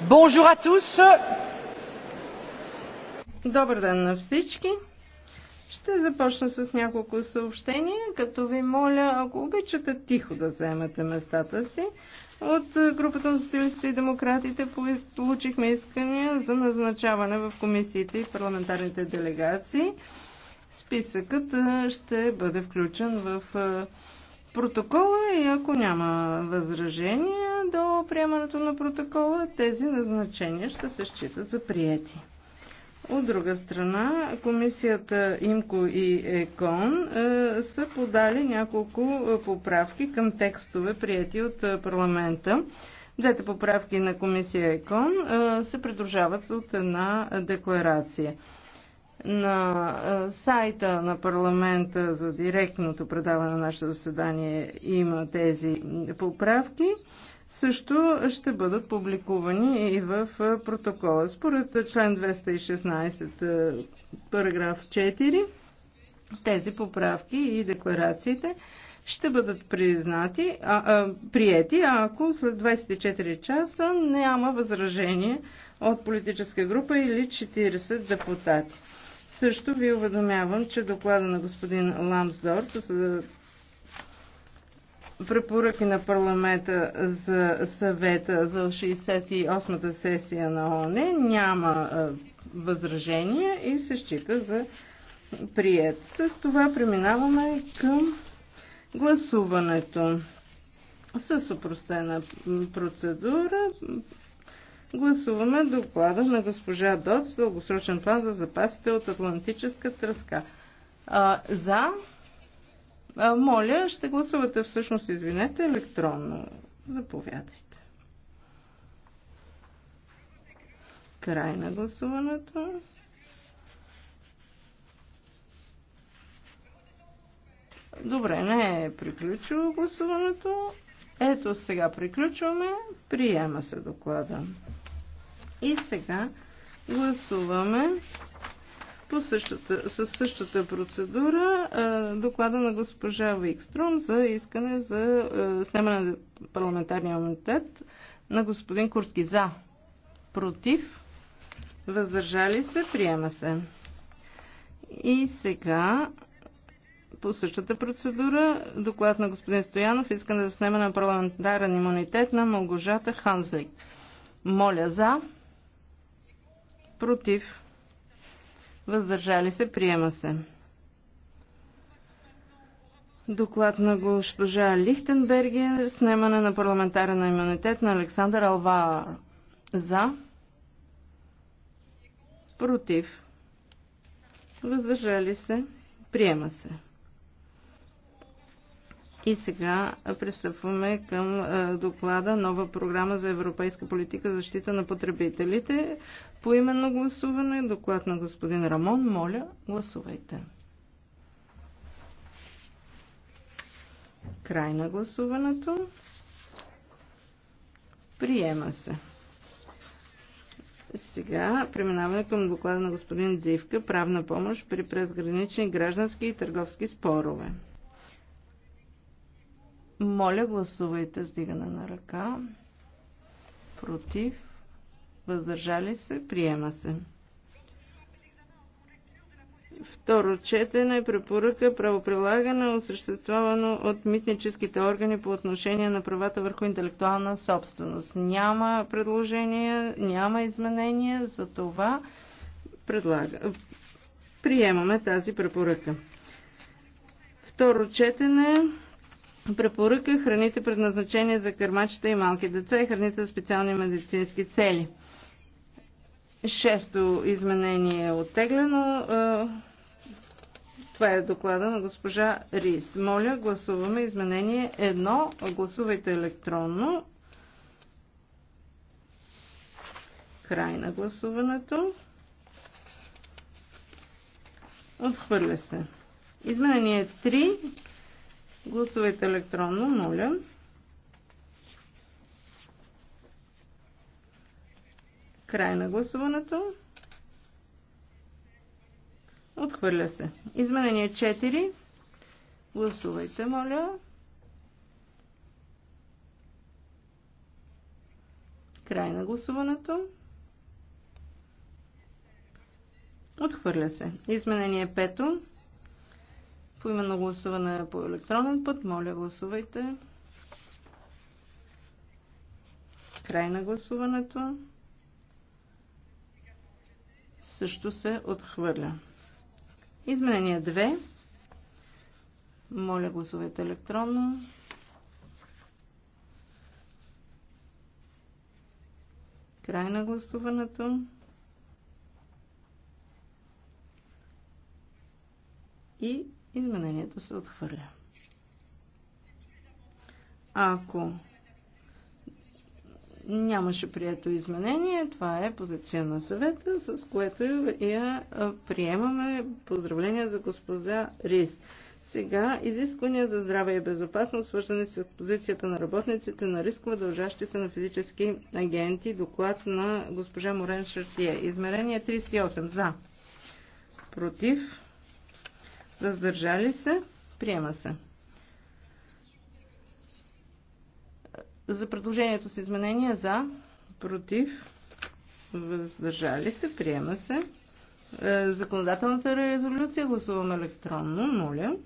Bonjour à tous. Добър ден на всички. Ще започна с няколко съобщения, като ви моля, ако обичате тихо да вземете местата си. От групата на социалистите и демократите получихме искания за назначаване в комисиите и парламентарните делегации. Списъкът ще бъде включен в протокола и ако няма възражения, до приемането на протокола тези назначения ще се считат за приети. От друга страна, комисията ИМКО и ЕКОН е, са подали няколко е, поправки към текстове, прияти от е, парламента. Двете поправки на комисия ЕКОН е, се придружават от една декларация. На е, сайта на парламента за директното предаване на нашето заседание има тези поправки също ще бъдат публикувани и в протокола. Според член 216, параграф 4, тези поправки и декларациите ще бъдат признати, а, а, приети, ако след 24 часа няма възражение от политическа група или 40 депутати. Също ви уведомявам, че доклада на господин за препоръки на парламента за съвета за 68-та сесия на ОНЕ. Няма възражения и се счита за прият. С това преминаваме към гласуването. С упростена процедура гласуваме доклада на госпожа Дот с дългосрочен план за запасите от Атлантическа тръска. за моля, ще гласувате всъщност, извинете, електронно. Заповядайте. Край на гласуването. Добре, не е приключило гласуването. Ето сега приключваме. Приема се доклада. И сега гласуваме по същата, със същата процедура доклада на госпожа Викстром за искане за снимане на парламентарния имунитет на господин Курски. За. Против. Въздържали се. Приема се. И сега по същата процедура доклад на господин Стоянов искане за снимане на парламентарен имунитет на Малгожата Ханзлик. Моля за. Против въздържали се, приема се. Доклад на госпожа Лихтенберги, снимане на парламентарен имунитет на Александър Алвар. За. Против. Въздържали се. Приема се. И сега пристъпваме към е, доклада Нова програма за европейска политика защита на потребителите. По именно гласуване, доклад на господин Рамон. Моля, гласувайте. Край на гласуването. Приема се. Сега преминаваме към доклада на господин Дзивка правна помощ при презгранични граждански и търговски спорове. Моля, гласувайте с дигане на ръка. Против. Въздържали се. Приема се. Второ четене препоръка правоприлагане, осъществявано от митническите органи по отношение на правата върху интелектуална собственост. Няма предложения, няма изменения, за това предлага. приемаме тази препоръка. Второ четене препоръка храните предназначени за кърмачета и малки деца и храните за специални медицински цели. Шесто изменение е оттеглено. Това е доклада на госпожа Рис. Моля, гласуваме изменение едно. Гласувайте електронно. Край на гласуването. Отхвърля се. Изменение 3. Гласувайте електронно, моля. Край на гласуването. Отхвърля се. Изменение 4. Гласувайте, моля. Край на гласуването. Отхвърля се. Изменение 5. По именно гласуване по електронен път. Моля, гласувайте. Край на гласуването. Също се отхвърля. Изменение 2. Моля, гласувайте електронно. Край на гласуването. И Изменението се отхвърля. Ако нямаше прието изменение, това е позиция на съвета, с което я приемаме. Поздравления за госпожа Рис. Сега изисквания за здраве и безопасност, свързани с позицията на работниците на рискова, дължащи се на физически агенти. Доклад на госпожа Морен Шартия. Измерение 38. За. Против въздържали се, приема се. За предложението с изменения за, против, въздържали се, приема се. Е, законодателната резолюция гласуваме електронно, моля.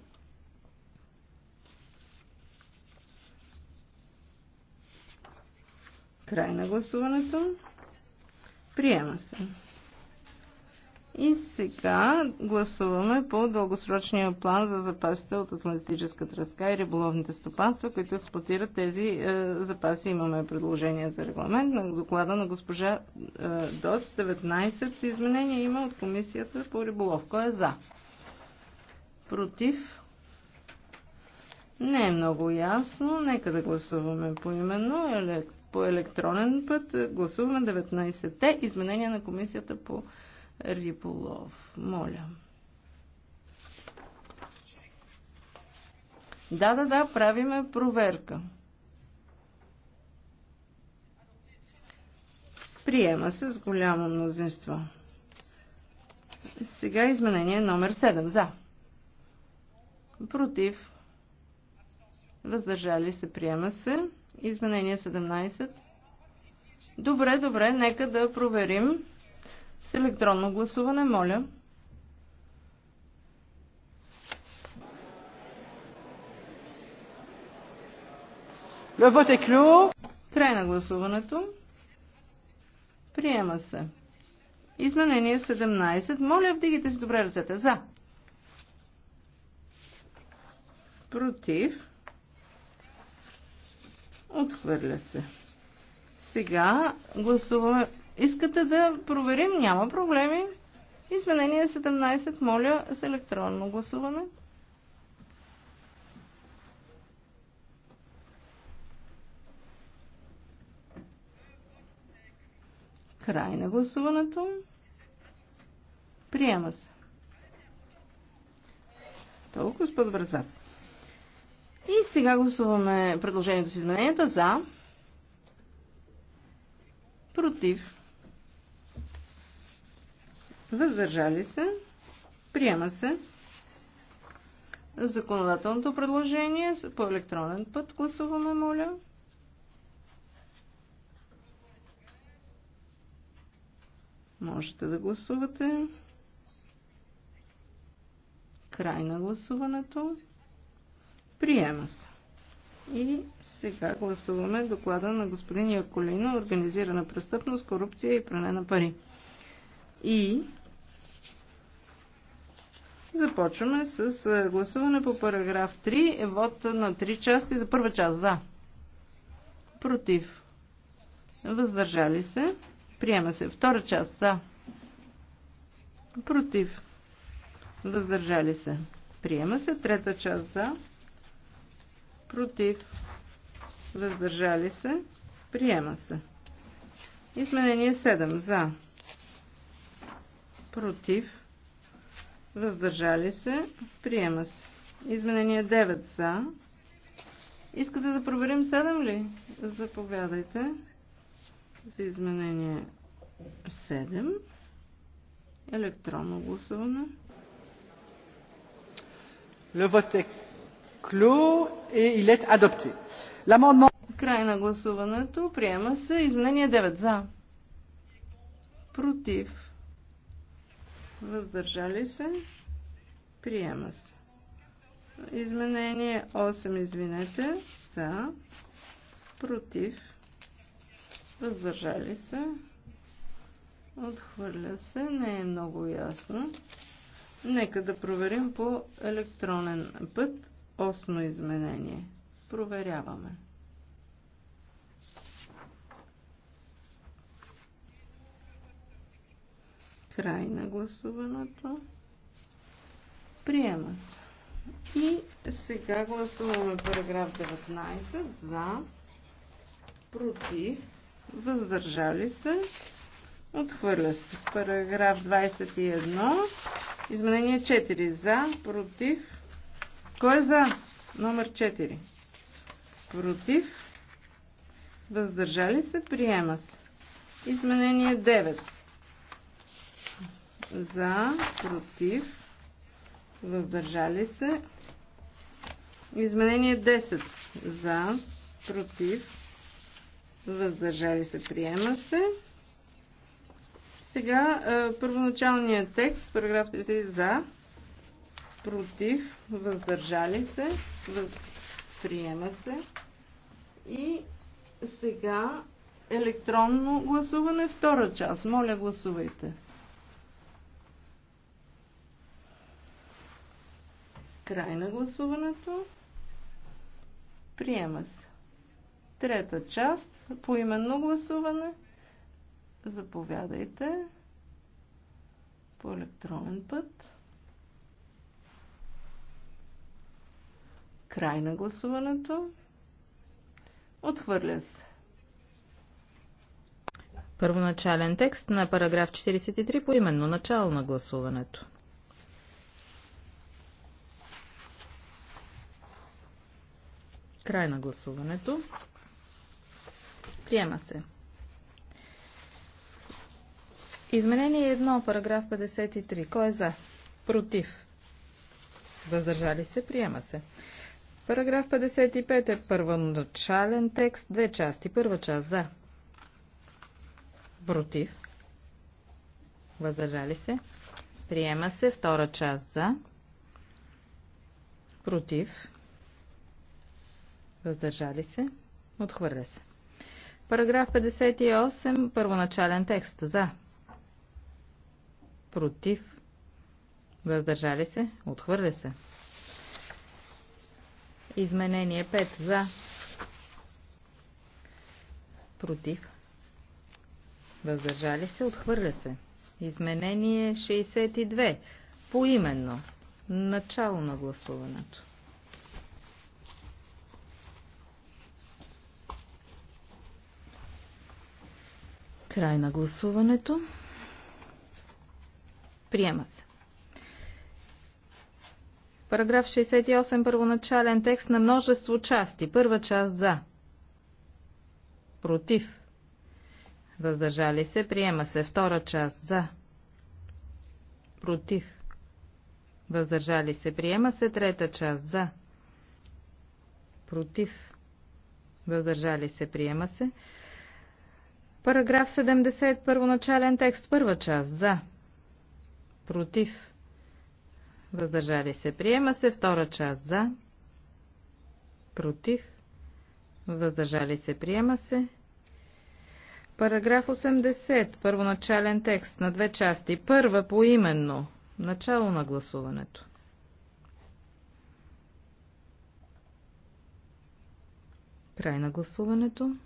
Край на гласуването. Приема се. И сега гласуваме по дългосрочния план за запасите от Атлантическа тръска и риболовните стопанства, които експлуатират тези е, запаси. Имаме предложение за регламент на доклада на госпожа е, Доц. 19 изменения има от Комисията по риболов. Кой е за? Против? Не е много ясно. Нека да гласуваме по именно. По електронен път гласуваме 19-те изменения на Комисията по риболов риболов. Моля. Да, да, да, правиме проверка. Приема се с голямо мнозинство. Сега изменение номер 7. За. Против. Въздържали се. Приема се. Изменение 17. Добре, добре, нека да проверим с електронно гласуване. Моля. Le vote est clos. Край на гласуването. Приема се. Изменение 17. Моля, вдигайте си добре ръцете. За. Против. Отхвърля се. Сега гласуваме Искате да проверим? Няма проблеми. Изменение 17, моля, с електронно гласуване. Край на гласуването. Приема се. Толкова спът през вас. И сега гласуваме предложението с измененията за, против, въздържали се, приема се. Законодателното предложение по електронен път гласуваме, моля. Можете да гласувате. Край на гласуването. Приема се. И сега гласуваме доклада на господин Яколина Организирана престъпност, корупция и пране на пари. И Започваме с е, гласуване по параграф 3. Вод на 3 части за първа част. За. Против. Въздържали се. Приема се. Втора част. За. Против. Въздържали се. Приема се. Трета част. За. Против. Въздържали се. Приема се. Изменение 7. За. Против въздържали се, приема се. Изменение 9 за. Искате да проверим 7 ли? Заповядайте за изменение 7. Електронно гласуване. Le vote est clos et il est adopté. L'amendement... Край на гласуването. Приема се изменение 9 за. Против въздържали се, приема се. Изменение 8, извинете, за, против, въздържали се, отхвърля се, не е много ясно. Нека да проверим по електронен път Осно изменение. Проверяваме. Край на гласуването. Приема се. И сега гласуваме параграф 19 за, против, въздържали се, отхвърля се. Параграф 21, изменение 4 за, против, кой е за? Номер 4. Против, въздържали се, приема се. Изменение 9 за, против, въздържали се. Изменение 10 за, против, въздържали се, приема се. Сега първоначалният текст, параграф 3 за, против, въздържали се, приема се. И сега електронно гласуване, втора част. Моля, гласувайте. Край на гласуването. Приема се. Трета част. По именно гласуване. Заповядайте. По електронен път. Край на гласуването. Отхвърля се. Първоначален текст на параграф 43 по именно начало на гласуването. Край на гласуването. Приема се. Изменение 1, параграф 53. Кой е за? Против. Въздържали се? Приема се. Параграф 55 е първоначален текст. Две части. Първа част за. Против. Въздържали се? Приема се. Втора част за. Против. Въздържали се. Отхвърля се. Параграф 58. Първоначален текст. За. Против. Въздържали се. Отхвърля се. Изменение 5. За. Против. Въздържали се. Отхвърля се. Изменение 62. Поименно. Начало на гласуването. Край на гласуването. Приема се. Параграф 68, първоначален текст на множество части. Първа част за. Против. Въздържали се. Приема се. Втора част за. Против. Въздържали се. Приема се. Трета част за. Против. Въздържали се. Приема се. Параграф 70, първоначален текст, първа част. За. Против. Въздържали се. Приема се втора част. За. Против. Въздържали се. Приема се. Параграф 80, първоначален текст на две части. Първа поименно. Начало на гласуването. Край на гласуването.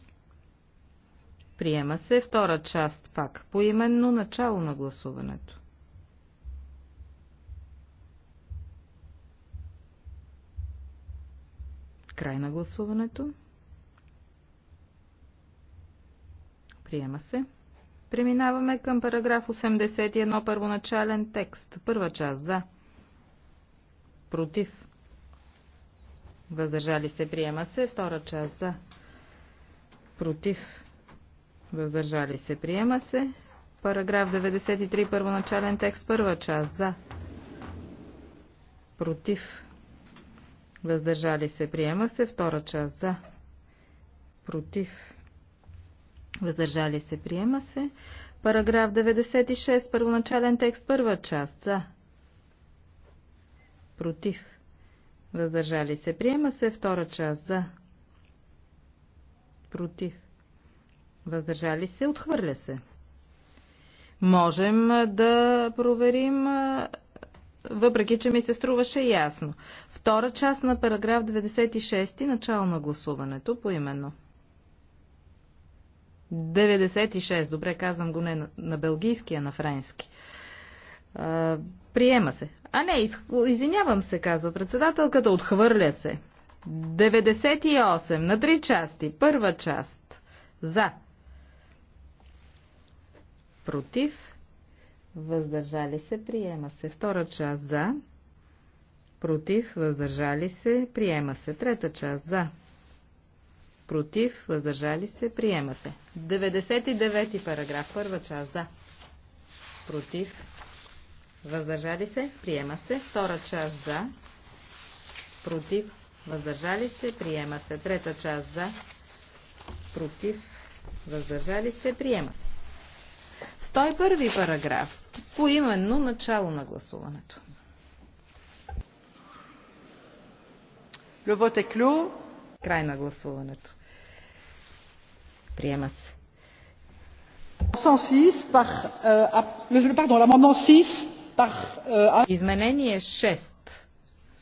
Приема се втора част пак, по именно начало на гласуването. Край на гласуването. Приема се. Преминаваме към параграф 81, първоначален текст. Първа част за. Против. Въздържали се. Приема се. Втора част за. Против. Въздържали се. Приема се. Параграф 93, първоначален текст, първа част. За. Против. Въздържали се. Приема се. Втора част. За. Против. Въздържали се. Приема се. Параграф 96, първоначален текст, първа част. За. Против. Въздържали се. Приема се. Втора част. За. Против. Въздържали се? Отхвърля се. Можем да проверим, въпреки че ми се струваше ясно. Втора част на параграф 96, начало на гласуването, поименно. 96, добре казвам го не на, на белгийски, а на френски. А, приема се. А не, из, извинявам се, казва председателката, отхвърля се. 98 на три части. Първа част. За против, въздържали се, приема се. Втора част за, против, въздържали се, приема се. Трета част за, против, въздържали се, приема се. 99 параграф, първа част за, против, въздържали се, приема се. Втора част за, против, въздържали се, приема се. Трета част за, против, въздържали се, приема се. 101 параграф. Поименно начало на гласуването. Le е клю. Край на гласуването. Приема се. 106 par, euh, pardon, l'amendement 6 par, euh, Изменение 6.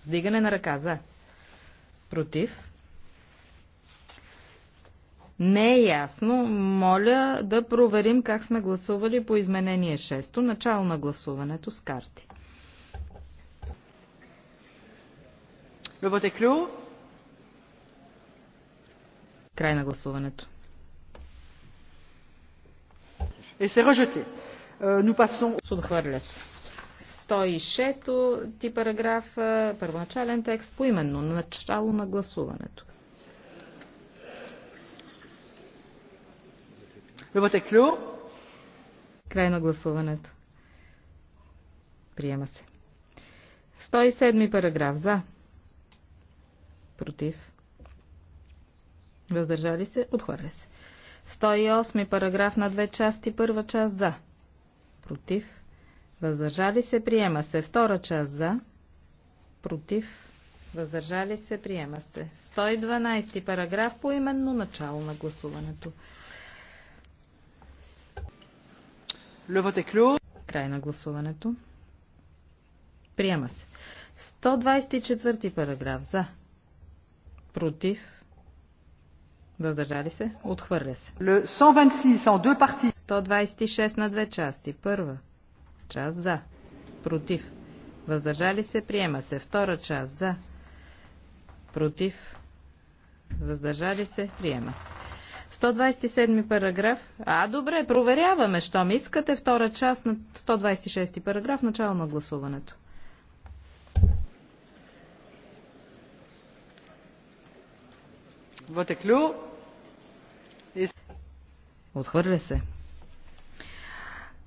Сдигане на ръка за. Против не е ясно, моля да проверим как сме гласували по изменение 6, начало на гласуването с карти. Край на гласуването. Et c'est rejeté. Euh, nous passons... се. 106 ти параграф, е, първоначален текст, поименно, начало на гласуването. Край на гласуването. Приема се. 107 параграф. За. Против. Въздържали се. Отхвърля се. 108 параграф на две части. Първа част за. Против. Въздържали се. Приема се. Втора част за. Против. Въздържали се. Приема се. 112 параграф по именно начало на гласуването. Край на гласуването. Приема се. 124 параграф за. Против. Въздържали се? Отхвърля се. 126 на две части. Първа. Част за. Против. Въздържали се? Приема се. Втора част за. Против. Въздържали се? Приема се. 127 параграф. А, добре, проверяваме, щом искате. Втора част на 126 параграф, начало на гласуването. Вътеклю. Отхвърля се.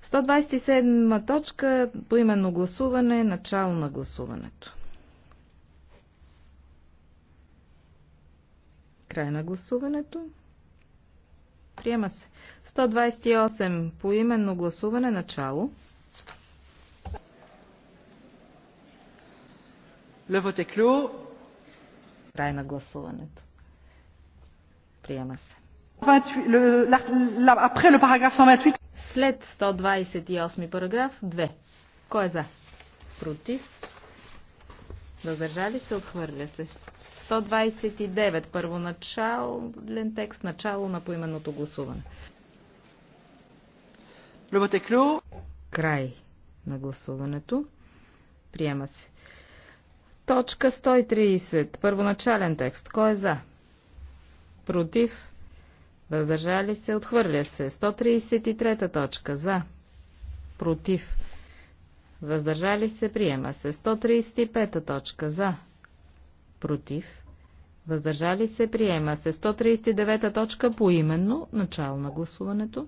127 точка по именно гласуване, начало на гласуването. Край на гласуването. Приема се. 128. По именно гласуване. Начало. Левът е клю. Край на гласуването. Приема се. След 128 параграф 2. Кой е за? Против? Въздържали се, отхвърля се. 129. Първоначален текст. Начало на поименното гласуване. Клю. Край на гласуването. Приема се. Точка 130. Първоначален текст. Кой е за? Против. Въздържали се. Отхвърля се. 133 точка. За. Против. Въздържали се. Приема се. 135 точка. За против, въздържали се, приема се. 139 точка по именно начало на гласуването.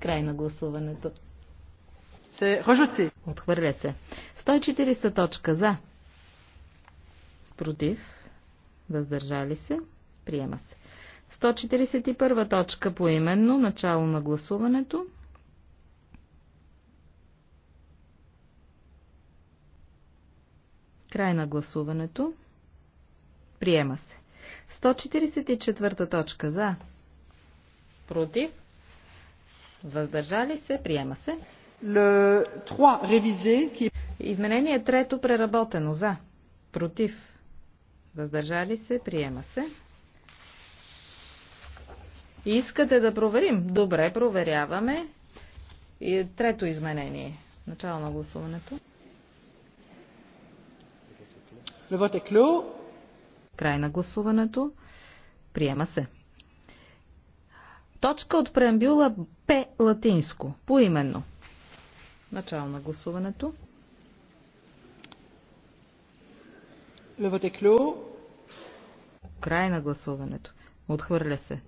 Край на гласуването. Се Отхвърля се. 140 точка за. Против. Въздържали се. Приема се. 141 точка по именно начало на гласуването. Край на гласуването. Приема се. 144 точка за. Против. Въздържали се. Приема се. Le 3 révisé. Изменение трето преработено за. Против. Въздържали се. Приема се. Искате да проверим? Добре, проверяваме. И трето изменение. Начало на гласуването. Край на гласуването. Приема се. Точка от преамбюла П латинско. Поименно. Начало на гласуването. Край на гласуването. Отхвърля се.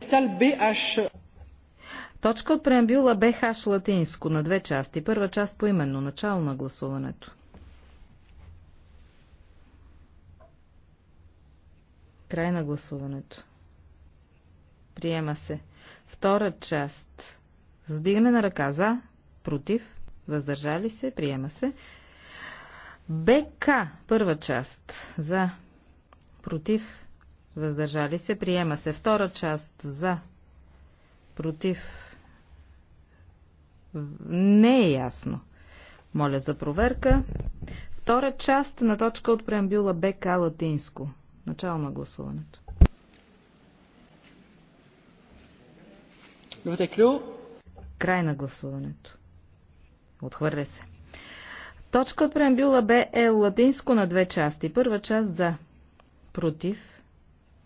Точка от преамбюла БХ латинско на две части. Първа част по именно начало на гласуването. Край на гласуването. Приема се. Втора част. Сдигане на ръка за, против, въздържали се, приема се. БК, първа част, за, против, въздържали се, приема се. Втора част, за, против, не е ясно. Моля за проверка. Втора част на точка от преамбюла БК латинско. Начало на гласуването. Край на гласуването. Отхвърля се. Точка от преамбюла Б е латинско на две части. Първа част за. Против.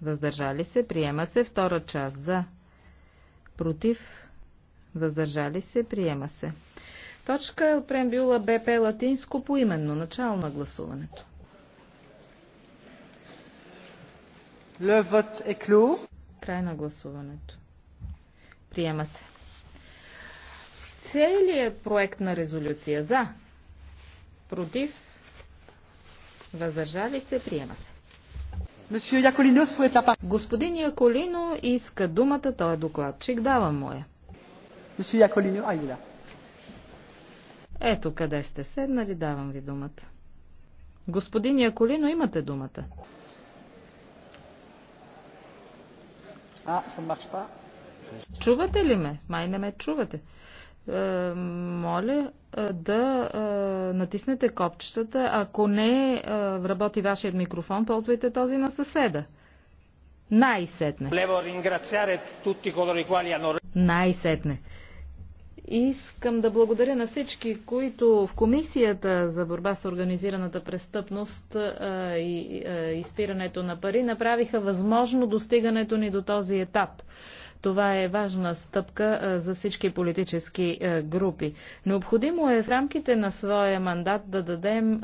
Въздържали се. Приема се. Втора част за. Против. Въздържали се. Приема се. Точка е от преамбюла БП е латинско именно Начало на гласуването. Le vote est clos. Край на гласуването. Приема се. Целият проект на резолюция за, против, въздържали се, приема се. Господин Яколино иска думата, той е докладчик, дава му я. Ah, Ето къде сте седнали, давам ви думата. Господин Яколино, имате думата. А, ah, ça marche pas. Чувате ли ме? Май не ме чувате. Е, моля е, да е, натиснете копчетата. Ако не е, работи вашият микрофон, ползвайте този на съседа. Най-сетне. Най-сетне. Искам да благодаря на всички, които в Комисията за борба с организираната престъпност и изпирането на пари направиха възможно достигането ни до този етап. Това е важна стъпка за всички политически групи. Необходимо е в рамките на своя мандат да дадем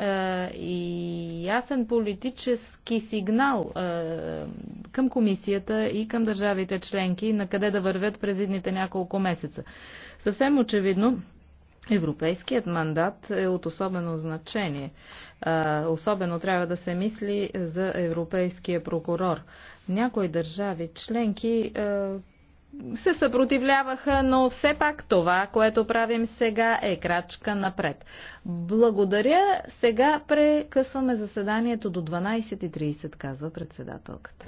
и ясен политически сигнал към комисията и към държавите членки на къде да вървят през едните няколко месеца. Съвсем очевидно, Европейският мандат е от особено значение. Особено трябва да се мисли за европейския прокурор. Някои държави членки се съпротивляваха, но все пак това, което правим сега е крачка напред. Благодаря. Сега прекъсваме заседанието до 12.30, казва председателката.